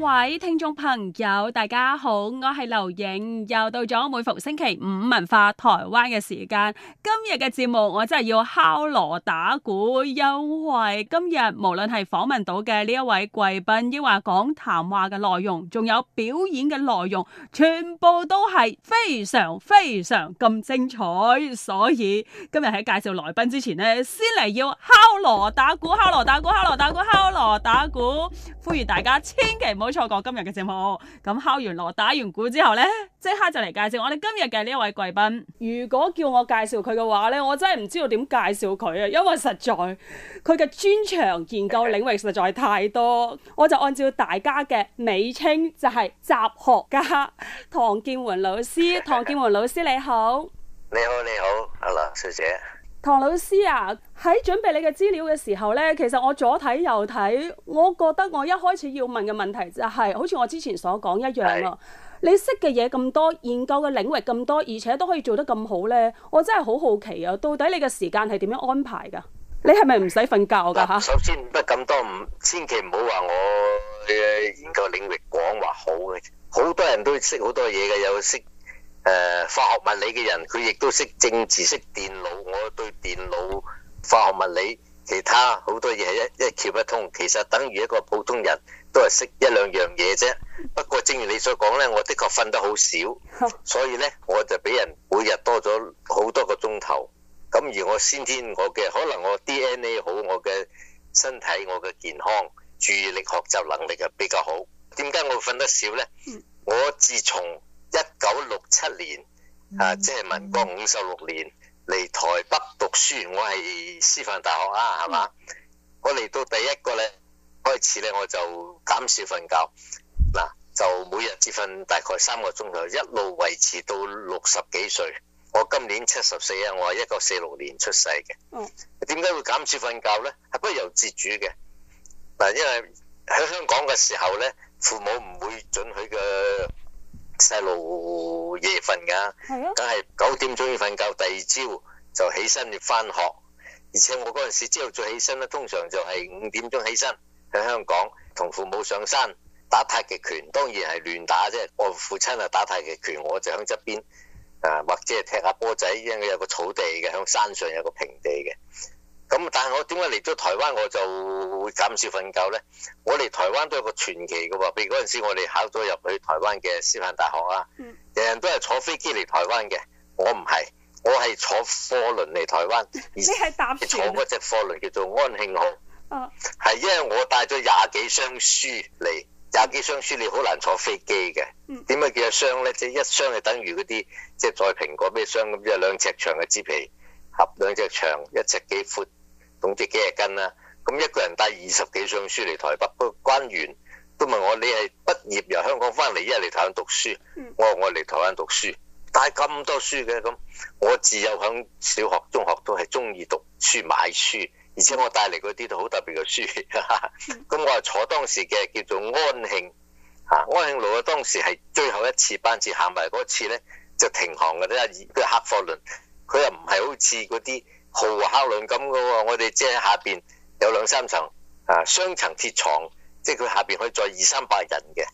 各位聽眾朋友，大家好，我係劉影，又到咗每逢星期五文化台灣嘅時間。今日嘅節目我真係要敲鑼打鼓，因為今日無論係訪問到嘅呢一位貴賓，抑或講談話嘅內容，仲有表演嘅內容，全部都係非常非常咁精彩。所以今日喺介紹來賓之前咧，先嚟，要敲鑼打鼓，敲鑼打鼓，敲鑼打鼓，敲鑼打鼓，呼籲大家千祈唔好錯過今日嘅節目，咁敲完鑼打完鼓之後呢，即刻就嚟介紹我哋今日嘅呢一位貴賓。如果叫我介紹佢嘅話呢，我真係唔知道點介紹佢啊！因為實在佢嘅專長研究領域實在太多，我就按照大家嘅美稱，就係雜學家唐健垣老師。唐健垣老師你好。你好你好，阿梁小姐。唐老師啊，喺準備你嘅資料嘅時候呢，其實我左睇右睇，我覺得我一開始要問嘅問題就係、是，好似我之前所講一樣啊。你識嘅嘢咁多，研究嘅領域咁多，而且都可以做得咁好呢，我真係好好奇啊！到底你嘅時間係點樣安排㗎？你係咪唔使瞓覺㗎嚇？首先唔得咁多，唔千祈唔好話我嘅研究領域廣話好嘅，好多人都識好多嘢嘅，又識。誒、呃，化學物理嘅人，佢亦都識政治、識電腦。我對電腦、化學物理其他好多嘢係一一竅不通，其實等於一個普通人，都係識一兩樣嘢啫。不過正如你所講呢，我的確瞓得好少，所以呢我就比人每日多咗好多個鐘頭。咁而我先天我嘅可能我 DNA 好，我嘅身體、我嘅健康、注意力、學習能力就比較好。點解我瞓得少呢？我自從一九六七年啊、嗯，即係民國五十六年嚟台北讀書，我係師範大學啊，係嘛、嗯？我嚟到第一個呢開始呢，我就減少瞓覺，嗱就每日只瞓大概三個鐘頭，一路維持到六十幾歲。我今年七十四啊，我係一九四六年出世嘅。嗯，點解會減少瞓覺呢？係不由自主嘅嗱，因為喺香港嘅時候呢，父母唔會准許嘅。細路夜瞓噶，梗係九點鐘要瞓覺，第二朝就起身要翻學。而且我嗰陣時朝早起身咧，通常就係五點鐘起身，喺香港同父母上山打太極拳，當然係亂打啫。我父親啊打太極拳，我就喺側邊啊，或者係踢下波仔，因為有個草地嘅，響山上有個平地嘅。咁但係我點解嚟咗台灣我就會減少瞓覺咧？我嚟台灣都有個傳奇嘅喎，譬如嗰陣時我哋考咗入去台灣嘅師範大學啊、嗯，人人都係坐飛機嚟台灣嘅，我唔係，我係坐貨輪嚟台灣，你係搭船？坐嗰隻貨輪叫做安慶號。啊，係因為我帶咗廿幾箱書嚟，廿幾箱書你好難坐飛機嘅。點解叫一箱咧？即係一箱係等於嗰啲即係載蘋果咩箱咁，即係兩尺長嘅紙皮，合兩隻長一尺幾闊。總之幾十斤啦，咁一個人帶二十幾箱書嚟台北，個官員都問我：你係畢業由香港返嚟，一係嚟台灣讀書？我話我嚟台灣讀書，帶咁多書嘅咁，我自幼響小學、中學都係鍾意讀書、買書，而且我帶嚟嗰啲都好特別嘅書。 咁我係坐當時嘅叫做安慶，安慶路啊！當時係最後一次班次行埋嗰次呢，就停航嘅，即係嗰啲客貨輪，佢又唔係好似嗰啲。豪華客輪咁嘅喎，我哋即係下面有兩三層啊，雙層鐵床，即係佢下面可以載二三百人嘅。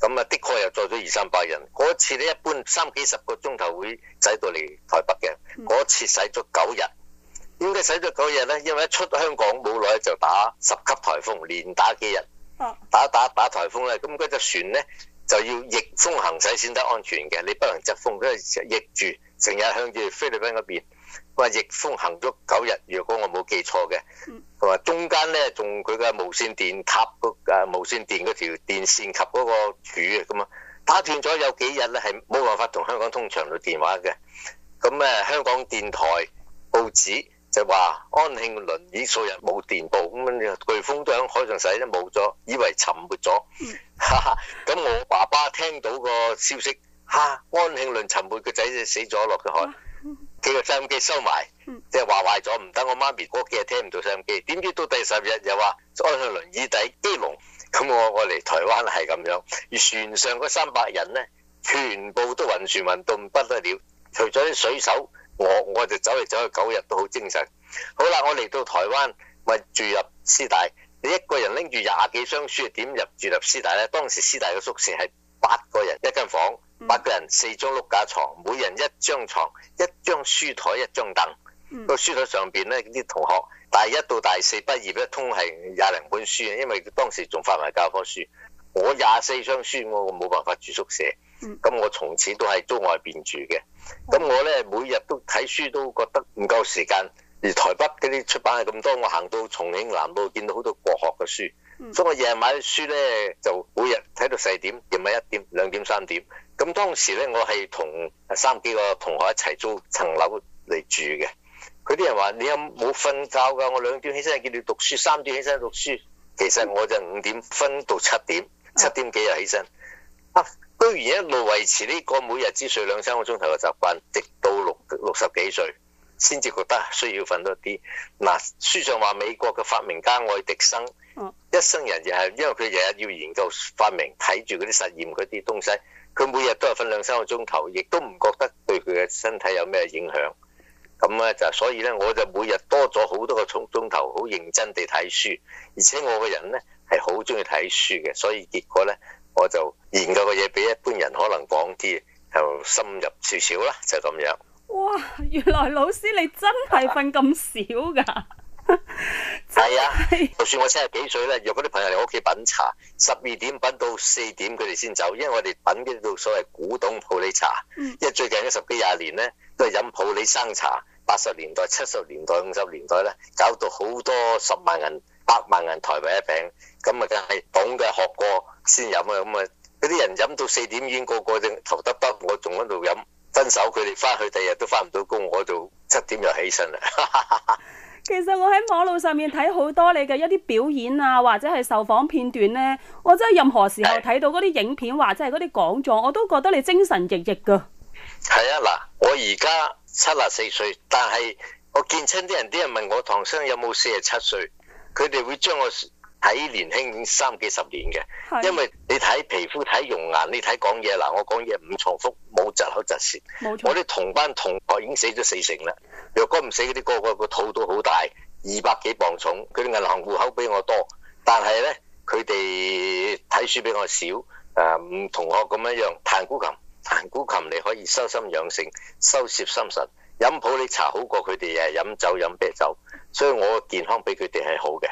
咁啊，的確又載咗二三百人。嗰次咧，一般三幾十個鐘頭會使到嚟台北嘅。嗰次使咗九日，點解使咗九日咧？因為一出香港冇耐就打十級颱風，連打幾日，打打打颱風咧，咁嗰隻船咧就要逆風行駛先得安全嘅，你不能側風，因為逆住成日向住菲律賓嗰邊。佢話逆風行咗九日，若果我冇記錯嘅，佢話中間咧仲佢嘅無線電塔嗰誒無線電嗰條電線及嗰個柱啊咁啊，打斷咗有幾日咧係冇辦法同香港通長途電話嘅。咁誒香港電台報紙就話安慶輪已數日冇電報，咁樣颶風都喺海上使，都冇咗，以為沉沒咗。哈哈，咁我爸爸聽到個消息嚇、啊，安慶輪沉沒，個仔就死咗落嘅海。佢個收音機收埋，即係話壞咗，唔得。我媽咪幾日聽唔到收音機。點知到第十日又話安上輪椅底基隆，咁。我我嚟台灣係咁樣，而船上嗰三百人呢，全部都暈船暈到不得了。除咗啲水手，我我就走嚟走去九日都好精神。好啦，我嚟到台灣咪住入師大，你一個人拎住廿幾箱書點入住入師大呢？當時師大嘅宿舍係八個人一間房。八個人四張碌架床，每人一張床，一張書台，一張凳。個、mm. 書台上邊咧啲同學大一到大四畢業，一通係廿零本書，因為當時仲發埋教科書。我廿四箱書我冇辦法住宿舍，咁、mm. 我從此都係租外邊住嘅。咁我咧每日都睇書都覺得唔夠時間，而台北嗰啲出版係咁多，我行到重慶南路見到好多國學嘅書。所以我夜晚讀書咧，就每日睇到四點，夜晚一點、兩點、三點。咁當時咧，我係同三幾個同學一齊租層樓嚟住嘅。佢啲人話：你有冇瞓覺㗎？我兩點起身就見你讀書，三點起身讀書。其實我就五點瞓到七點，七點幾就起身、啊。居然一路維持呢個每日只睡兩三個鐘頭嘅習慣，直到六六十幾歲。先至覺得需要瞓多啲。嗱，書上話美國嘅發明家愛迪生，一生人就係因為佢日日要研究發明，睇住嗰啲實驗嗰啲東西，佢每日都係瞓兩三個鐘頭，亦都唔覺得對佢嘅身體有咩影響。咁咧就所以咧，我就每日多咗好多個鐘鐘頭，好認真地睇書，而且我個人咧係好中意睇書嘅，所以結果咧我就研究嘅嘢比一般人可能廣啲，就深入少少啦，就咁樣。哇！原來老師你真係瞓咁少噶係啊， 啊！就算我七十幾歲咧，約嗰啲朋友嚟我屋企品茶，十二點品到四點，佢哋先走，因為我哋品呢套所謂古董普洱茶，因為最近嘅十幾廿年咧，都係飲普洱生茶，八十年代、七十年代、五十年代咧，搞到好多十萬人、百萬人台幣一餅，咁啊，梗係懂嘅學過先飲啊，咁啊，嗰啲人飲到四點已經個個就頭耷耷，我仲喺度飲。分手佢哋翻去第二日都翻唔到工，我就七點就起身啦。其實我喺網路上面睇好多你嘅一啲表演啊，或者係受訪片段呢，我真係任何時候睇到嗰啲影片或者係嗰啲講座，我都覺得你精神奕奕噶。係啊，嗱，我而家七十四歲，但係我見親啲人，啲人問我唐生有冇四十七歲？佢哋會將我。睇年輕已經三幾十年嘅，因為你睇皮膚睇容顏，你睇講嘢嗱，我講嘢唔重複，冇窒口窒舌，我啲同班同學已經死咗四成啦。若果唔死嗰啲，個個個肚都好大，二百幾磅重，佢啲銀行戶口比我多，但係咧佢哋睇書比我少。唔同我咁樣樣彈古琴，彈古琴你可以修心養性、修攝心神、飲普洱茶好過佢哋，日日飲酒飲啤酒，所以我嘅健康比佢哋係好嘅。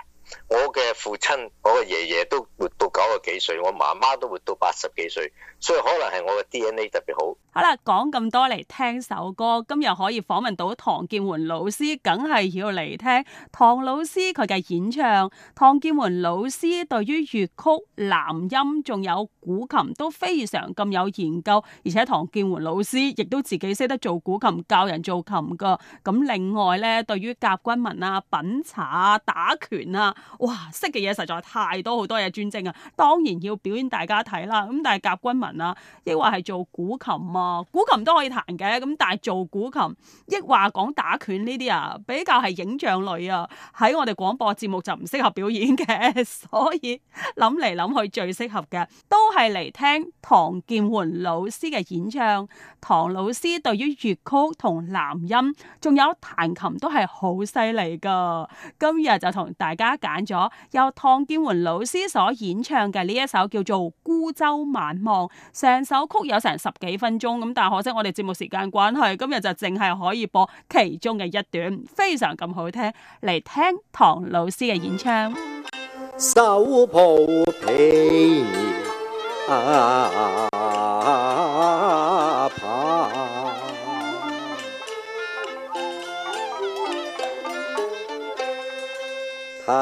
我嘅父親、我嘅爺爺都活到九十幾歲，我媽媽都活到八十幾歲，所以可能係我嘅 DNA 特別好。好啦，講咁多嚟聽首歌，今日可以訪問到唐健垣老師，梗係要嚟聽唐老師佢嘅演唱。唐健垣老師對於粵曲、南音仲有古琴都非常咁有研究，而且唐健垣老師亦都自己識得做古琴，教人做琴噶。咁另外咧，對於甲骨文啊、品茶啊、打拳啊。哇，識嘅嘢實在太多，好多嘢專精啊！當然要表演大家睇啦。咁但係甲骨文啊，抑或係做古琴啊，古琴都可以彈嘅。咁但係做古琴，抑或講打拳呢啲啊，比較係影像類啊，喺我哋廣播節目就唔適合表演嘅。所以諗嚟諗去最適合嘅，都係嚟聽唐健垣老師嘅演唱。唐老師對於粵曲同南音，仲有彈琴都係好犀利噶。今日就同大家揀。咗，由唐健垣老師所演唱嘅呢一首叫做《孤舟晚望》，成首曲有成十幾分鐘，咁但係可惜我哋節目時間關係，今日就淨係可以播其中嘅一段，非常咁好聽，嚟聽唐老師嘅演唱。收鋪被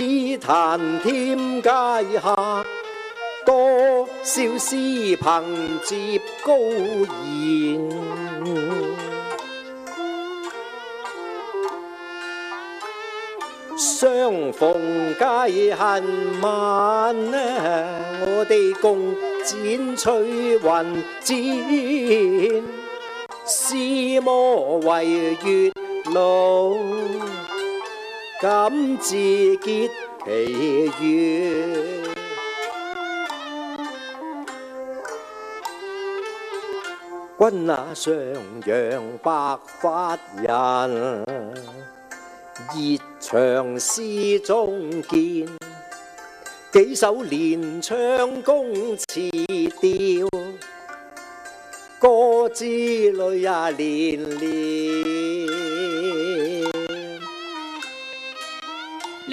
只壇添佳客，多少詩朋接高言。相逢皆恨晚呢，我哋共剪翠雲肩，詩魔為月老。感自結其緣，君那、啊、上陽白髮人，熱腸詩中見，幾首連唱宮詞調，歌之淚呀、啊、連連。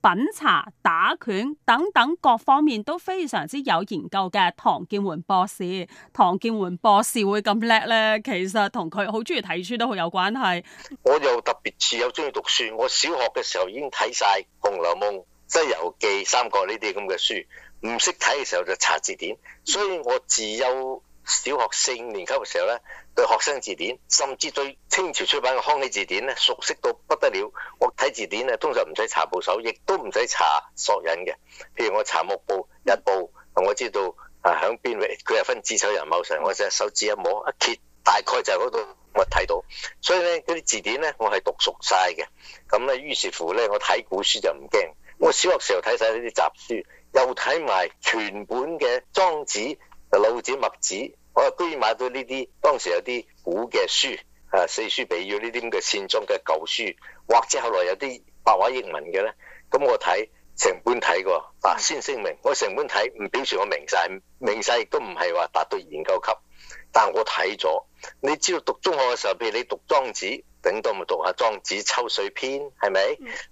品茶、打拳等等各方面都非常之有研究嘅唐健垣博士，唐健垣博士會咁叻咧，其實同佢好中意睇書都好有關係。我又特別自幼中意讀書，我小學嘅時候已經睇晒《紅樓夢》《西遊記》《三國》呢啲咁嘅書，唔識睇嘅時候就查字典，所以我自幼。小學四年級嘅時候咧，對學生字典，甚至對清朝出版嘅康熙字典咧，熟悉到不得了。我睇字典啊，通常唔使查部首，亦都唔使查索引嘅。譬如我查目部、日部，我知道啊響邊位，佢又分字首、人、某、神，我隻手指一摸一揭，大概就係嗰度，我睇到。所以咧，啲字典咧，我係讀熟晒嘅。咁咧，於是乎咧，我睇古書就唔驚。我小學時候睇晒呢啲雜書，又睇埋全本嘅《莊子》、《老子》、《墨子》。我居然買到呢啲，當時有啲古嘅書，啊四書備要呢啲咁嘅線裝嘅舊書，或者後來有啲白話英文嘅咧，咁我睇成本睇過啊。先聲明，我成本睇唔表示我明晒，明晒亦都唔係話達到研究級，但我睇咗。你知道讀中學嘅時候，譬如你讀莊子，頂多咪讀下莊子秋水篇，係咪？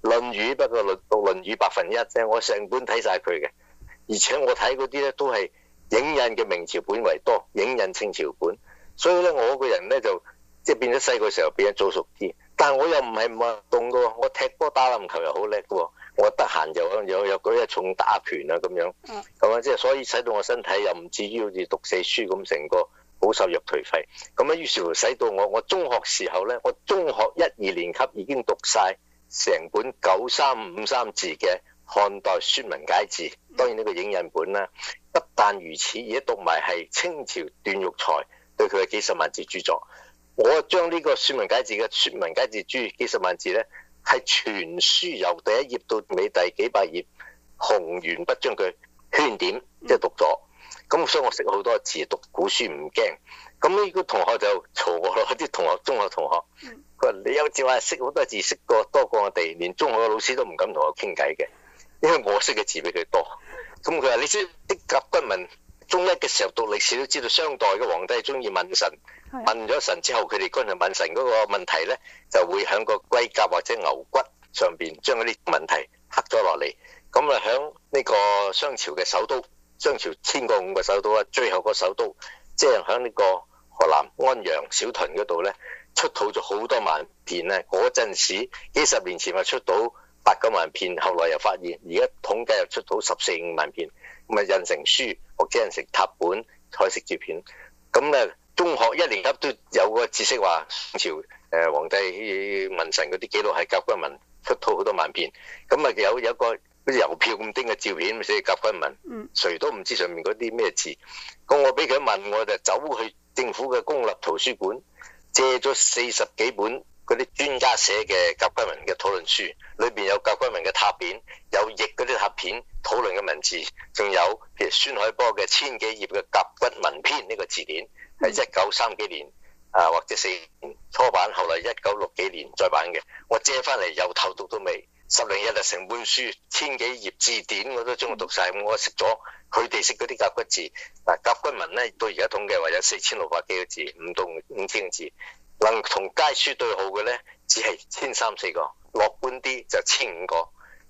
論語不過論讀論語百分之一啫，就是、我成本睇晒佢嘅，而且我睇嗰啲咧都係。影印嘅明朝本為多，影印清朝本，所以咧我個人咧就即係變咗細個時候變咗早熟啲，但我又唔係唔運動嘅喎，我踢波打籃球又好叻喎，我得閒就又又舉下重打拳啊咁樣，咁啊即係所以使到我身體又唔至於好似讀四書咁成個好瘦弱頹廢，咁啊於是乎使到我我中學時候咧，我中學一二年級已經讀晒成本九三五三字嘅漢代説文解字，當然呢個影印本啦。不但如此，而家讀埋係清朝段玉裁對佢嘅幾十萬字著作，我將呢個説文解字嘅説文解字注幾十萬字咧，係全書由第一頁到尾第幾百頁，紅圓筆將佢圈點，即係讀咗。咁所以我識好多字，讀古書唔驚。咁呢個同學就嘈我咯，啲同學中學同學，佢話，你有時話識好多字，識過多過我哋，連中學嘅老師都唔敢同我傾偈嘅，因為我識嘅字比佢多。咁佢話：你知啲甲骨文中一嘅時候讀歷史都知道商代嘅皇帝中意問神，問咗神之後，佢哋軍人問神嗰個問題咧，就會喺個龜甲或者牛骨上面，將嗰啲問題刻咗落嚟。咁啊，喺呢個商朝嘅首都，商朝遷過五個首都啊，最後個首都即係喺呢個河南安陽小屯嗰度咧，出土咗好多萬片咧。嗰陣時幾十年前咪出到。八九萬片，後來又發現，而家統計又出到十四五萬片，咁啊印成書或者印成拓本彩色照片。咁咧，中學一年級都有個知識話，宋朝誒、呃、皇帝文臣嗰啲記錄係甲骨文，出到好多萬片。咁啊有有一個好似郵票咁丁嘅照片寫甲骨文，誰都唔知上面嗰啲咩字。咁我俾佢問，我就走去政府嘅公立圖書館借咗四十幾本。嗰啲專家寫嘅甲骨文嘅討論書，裏面有甲骨文嘅拓片，有譯嗰啲拓片討論嘅文字，仲有譬如孫海波嘅千幾頁嘅甲骨文編呢個字典，係一九三幾年啊，或者四初版，後來一九六幾年再版嘅，我借翻嚟由頭讀到尾，十零日就成本書千幾頁字典我都將佢讀晒。我識咗佢哋識嗰啲甲骨字，嗱，甲骨文咧，到而家統計話有四千六百幾個字，唔到五千個字。能同街書對號嘅呢，只係千三四個，樂觀啲就千五個，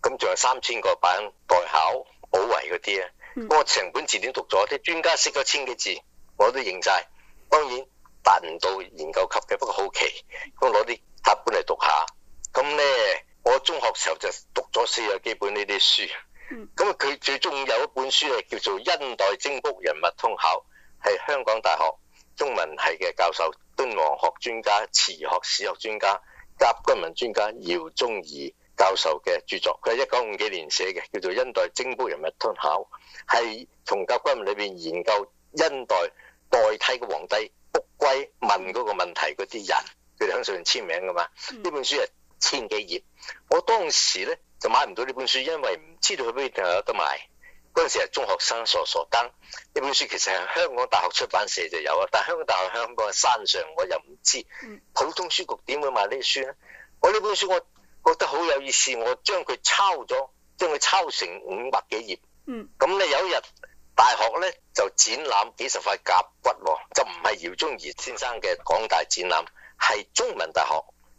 咁仲有三千個擺待考補遺嗰啲啊。我成本字典讀咗，啲專家識咗千幾字，我都認晒。當然達唔到研究級嘅，不過好奇，咁攞啲客本嚟讀下。咁呢，我中學時候就讀咗四廿幾本呢啲書。咁佢最終有一本書係叫做《殷代貞卜人物通考》，係香港大學中文系嘅教授，敦煌學專家、詞學史學專家、甲骨文專家饒宗頤教授嘅著作，佢係一九五幾年寫嘅，叫做《殷代貞卜人物通考》，係從甲骨文裏邊研究殷代代替嘅皇帝卜龜問嗰個問題嗰啲人，佢哋喺上面簽名㗎嘛。呢本書係千幾頁，我當時咧就買唔到呢本書，因為唔知道佢邊度有得賣。嗰時係中學生傻傻登，呢本書其實係香港大學出版社就有啊，但係香港大學喺香港嘅山上，我又唔知普通書局點會賣呢啲書呢？我呢本書我覺得好有意思，我將佢抄咗，將佢抄成五百幾頁。嗯。咁咧有一日大學咧就展覽幾十塊甲骨喎，就唔係姚宗儀先生嘅港大展覽，係中文大學。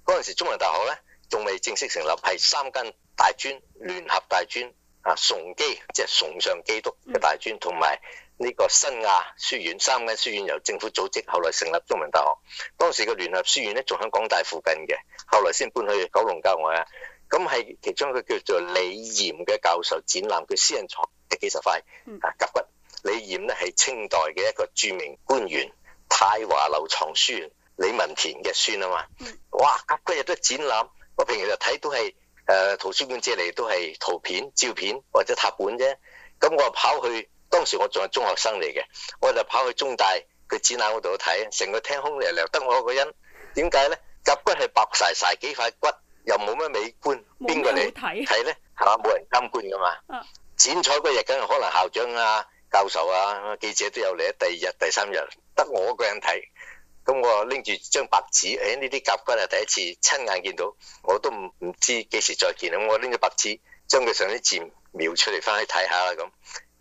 嗰陣時中文大學咧仲未正式成立，係三間大專聯合大專。啊，崇基即係崇尚基督嘅大專，同埋呢個新亞書院、三間書院由政府組織，後來成立中文大學。當時嘅聯合書院咧，仲喺港大附近嘅，後來先搬去九龍郊外啊。咁係其中一個叫做李嚴嘅教授展覽佢私人藏嘅幾十塊啊甲骨。李嚴咧係清代嘅一個著名官員，泰華樓藏書李文田嘅孫啊嘛。哇，甲骨有得展覽，我平時就睇都係。誒，圖書館借嚟都係圖片、照片或者塔本啫。咁我跑去，當時我仲係中學生嚟嘅，我就跑去中大佢展覽嗰度睇，成個廳空嚟留得我一個人。點解咧？甲骨係白晒晒，幾塊骨又冇咩美觀，邊個嚟睇咧？係嘛，冇人參觀噶嘛。嗯。剪彩嗰日，梗係可能校長啊、教授啊、記者都有嚟。第二日、第三日，得我一個人睇。咁我拎住張白紙，誒呢啲甲骨啊，第一次親眼見到，我都唔唔知幾時再見。咁我拎住白紙，將佢上啲字描出嚟，翻去睇下啦咁。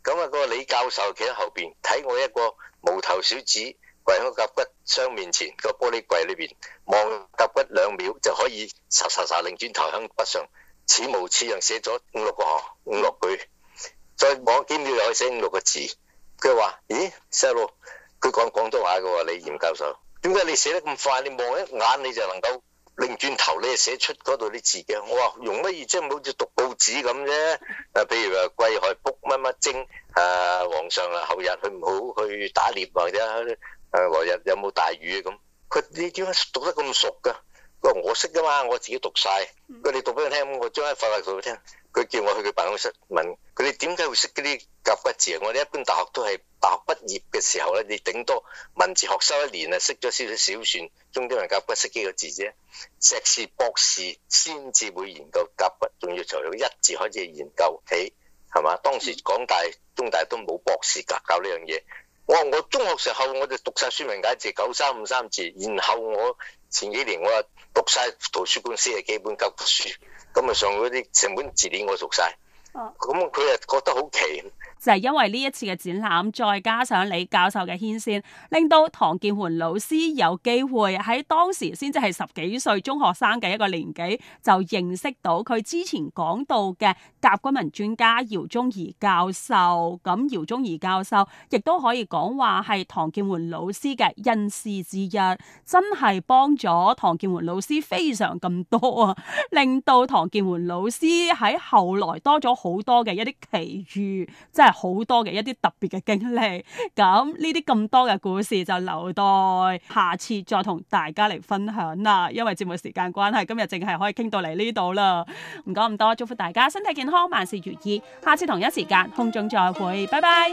咁啊，個李教授企喺後面，睇我一個毛頭小子跪喺個甲骨箱面前，個玻璃櫃裏面望甲骨兩秒就可以霎霎，擰轉頭向筆上似模似樣寫咗五六個行五六句，再望幾秒又可以寫五六個字。佢話：咦，細路，佢講廣東話㗎喎，李嚴教授。點解你寫得咁快？你望一眼你就能夠擰轉頭，你就寫出嗰度啲字嘅。我話容乜易啫？唔好似讀報紙咁啫。啊，譬如話癸亥卜乜乜貞啊，皇上啦，後日佢唔好去打獵或者啊，日有冇大雨咁？佢你點解讀得咁熟噶？佢話我識噶嘛，我自己讀晒。佢你讀俾我聽，我將佢快快佢聽。佢叫我去佢辦公室問佢哋點解會識嗰啲夾骨字啊！我哋一般大學都係大學畢業嘅時候咧，你頂多文字學修一年啊，識咗少少小算，中等人甲骨識幾個字啫。碩士、博士先至會研究甲骨，仲要從一字開始研究起，係嘛？當時港大、中大都冇博士格教呢樣嘢。我我中學時候我就讀書說文解字九三五三字，然後我前幾年我讀讀圖圖書館寫幾本舊書，今日上嗰啲成本字典我讀晒。咁佢啊覺得好奇，就係、是、因為呢一次嘅展覽，再加上李教授嘅牽線，令到唐健垣老師有機會喺當時先至係十幾歲中學生嘅一個年紀，就認識到佢之前講到嘅甲骨文專家饒宗頤教授。咁饒宗頤教授亦都可以講話係唐健垣老師嘅恩師之一，真係幫咗唐健垣老師非常咁多啊！令到唐健垣老師喺後來多咗。好多嘅一啲奇遇，真係好多嘅一啲特別嘅經歷。咁呢啲咁多嘅故事就留待下次再同大家嚟分享啦。因為節目時間關係，今日淨係可以傾到嚟呢度啦。唔講咁多，祝福大家身體健康，萬事如意。下次同一時間空中再會，拜拜。